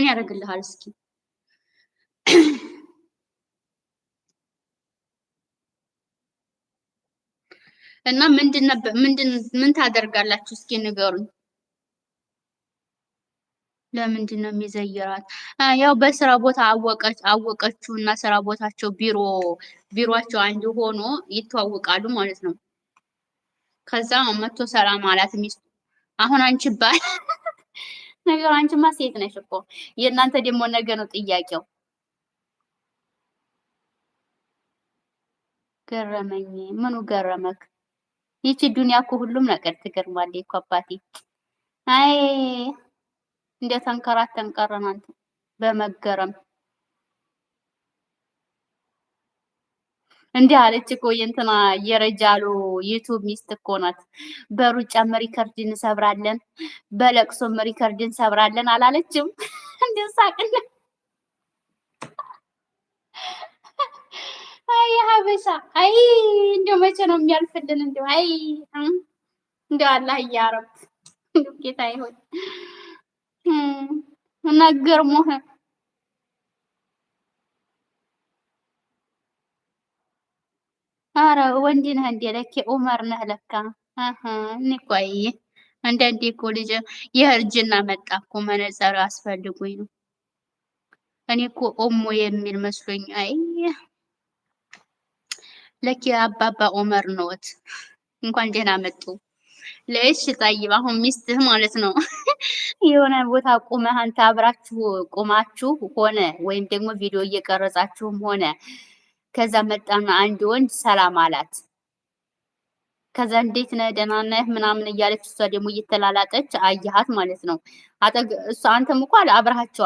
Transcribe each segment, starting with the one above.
ምን ያደርግልሃል? እስኪ እና ምንድን ምንድን ምን ታደርጋላችሁ? እስኪ ንገሩኝ። ለምንድን ነው የሚዘይራት? ያው በስራ ቦታ አወቀች አወቀችው እና ስራ ቦታቸው ቢሮ ቢሮቸው አንድ ሆኖ ይተዋወቃሉ ማለት ነው። ከዛ መቶ ሰላም አላት ሚስቱ። አሁን አንቺ ባል ነገሩ አንቺማ ሴት ነሽ እኮ። የእናንተ ደግሞ ነገር ነው ጥያቄው። ገረመኝ። ምኑ ገረመክ? ይቺ ዱንያ እኮ ሁሉም ነገር ትገርማለች እኮ አባቴ። አይ እንደ ተንከራተን ቀረን አንተ በመገረም እንዲህ አለች እኮ የእንትና የረጃሉ ዩቱብ ሚስት እኮ ናት። በሩጫም ሪከርድ እንሰብራለን፣ በለቅሶም ሪከርድ እንሰብራለን አላለችም? እንደ ሳቅና አይ ሀበሻ አይ እንደው መቼ ነው የሚያልፍልን? እንደው አይ እንደው አላህ እያረብ ጌታ ይሆን እና ገርሞህ አረ ወንድ ነህ እንዴ? ለኬ ኡመር ነህ ለካ። እኔ ቆይ አንዳንዴ እኮ ልጅ የእርጅና መጣ እኮ መነጽር አስፈልጉኝ ነው። እኔ እኮ ኦሞ የሚል መስሎኝ። አይ ለኬ አባባ ኡመር ነዎት። እንኳን ደህና መጡ። ለእሽ ጠይብ፣ አሁን ሚስትህ ማለት ነው የሆነ ቦታ ቁመህ አንተ አብራችሁ ቁማችሁ ሆነ ወይም ደግሞ ቪዲዮ እየቀረጻችሁም ሆነ ከዛ መጣና አንድ ወንድ ሰላም አላት። ከዛ እንዴት ነህ ደህና ነህ ምናምን እያለች እሷ ደግሞ እየተላላጠች አየሃት ማለት ነው። እሷ አንተም እኮ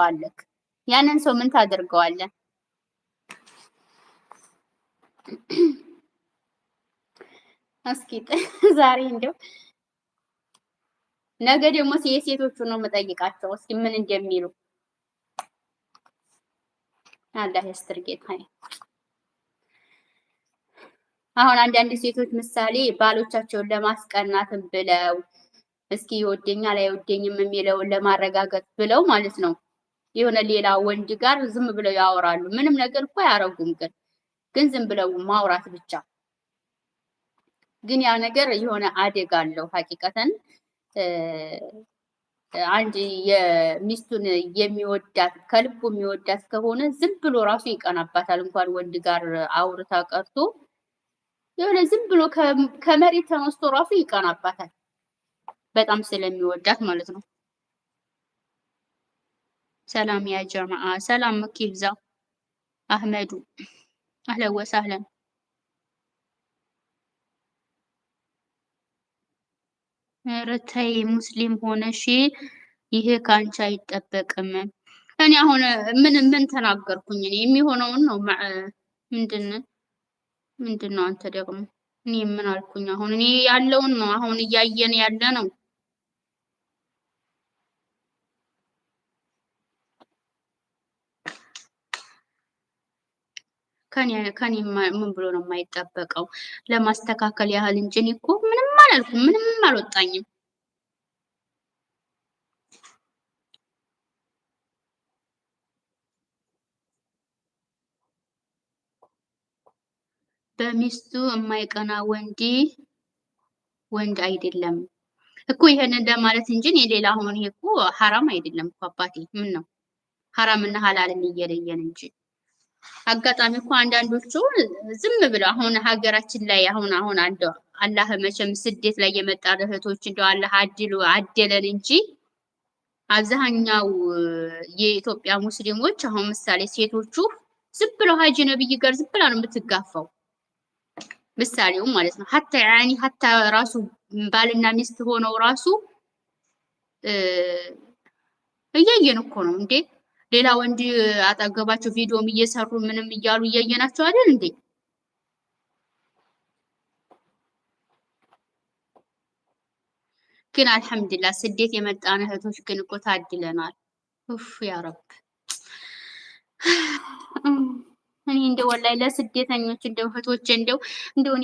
አለክ? ያንን ሰው ምን ታደርገዋለህ? እስኪ ዛሬ እንደው ነገ ደግሞ የሴቶቹ ነው መጠይቃቸው እስኪ ምን እንደሚሉ አላህ ያስተርጌታ። አሁን አንዳንድ ሴቶች ምሳሌ ባሎቻቸውን ለማስቀናትም ብለው እስኪ ይወደኛል አይወደኝም የሚለውን ለማረጋገጥ ብለው ማለት ነው የሆነ ሌላ ወንድ ጋር ዝም ብለው ያወራሉ። ምንም ነገር እኮ አያረጉም፣ ግን ግን ዝም ብለው ማውራት ብቻ። ግን ያ ነገር የሆነ አደጋ አለው። ሀቂቀተን አንድ የሚስቱን የሚወዳት ከልቡ የሚወዳት ከሆነ ዝም ብሎ ራሱ ይቀናባታል። እንኳን ወንድ ጋር አውርታ ቀርቶ የሆነ ዝም ብሎ ከመሬት ተነስቶ ራሱ ይቀናባታል። በጣም ስለሚወዳት ማለት ነው። ሰላም ያ ጀማዓ፣ ሰላም መኪብዛ አህመዱ አህለ ወሳህለን። ኧረ ሙስሊም ሆነሽ ይሄ ከአንቺ አይጠበቅም። እኔ አሁን ምን ምን ተናገርኩኝ? እኔ የሚሆነውን ነው ምንድን ምንድን ነው? አንተ ደግሞ እኔ ምን አልኩኝ? አሁን እኔ ያለውን ነው አሁን እያየን ያለ ነው። ከኔ ምን ብሎ ነው የማይጠበቀው? ለማስተካከል ያህል እንጂ እኔ እኮ ምንም አላልኩም፣ ምንም አልወጣኝም። በሚስቱ የማይቀና ወንድ ወንድ አይደለም እኮ ይሄንን ለማለት እንጂ የሌላ አሁን ይሄ እኮ ሐራም አይደለም እኮ አባቴ። ምን ነው እና ሐላል እየለየን እንጂ አጋጣሚ እኮ አንዳንዶቹ ዝም ብለው አሁን ሀገራችን ላይ አሁን አሁን አንደው አላህ መቼም ስደት ላይ የመጣ እህቶች እንደው አላህ አድሉ አደለን እንጂ አብዛኛው የኢትዮጵያ ሙስሊሞች አሁን ምሳሌ ሴቶቹ ዝም ብለው ሀጂ ነብይ ጋር ዝም ብላ ነው የምትጋፋው። ምሳሌውም ማለት ነው ሀታ ያኒ ሀታ ራሱ ባልና ሚስት ሆነው ራሱ እያየን እኮ ነው እንዴ ሌላ ወንድ አጠገባቸው ቪዲዮም እየሰሩ ምንም እያሉ እያየናቸው አይደል እንዴ? ግን አልሐምዱሊላህ ስደት የመጣን እህቶች ግን እኮ ታድለናል። ኡፍ እኔ እንደው ወላሂ ለስደተኞች እንደው እህቶች እንደው እንደው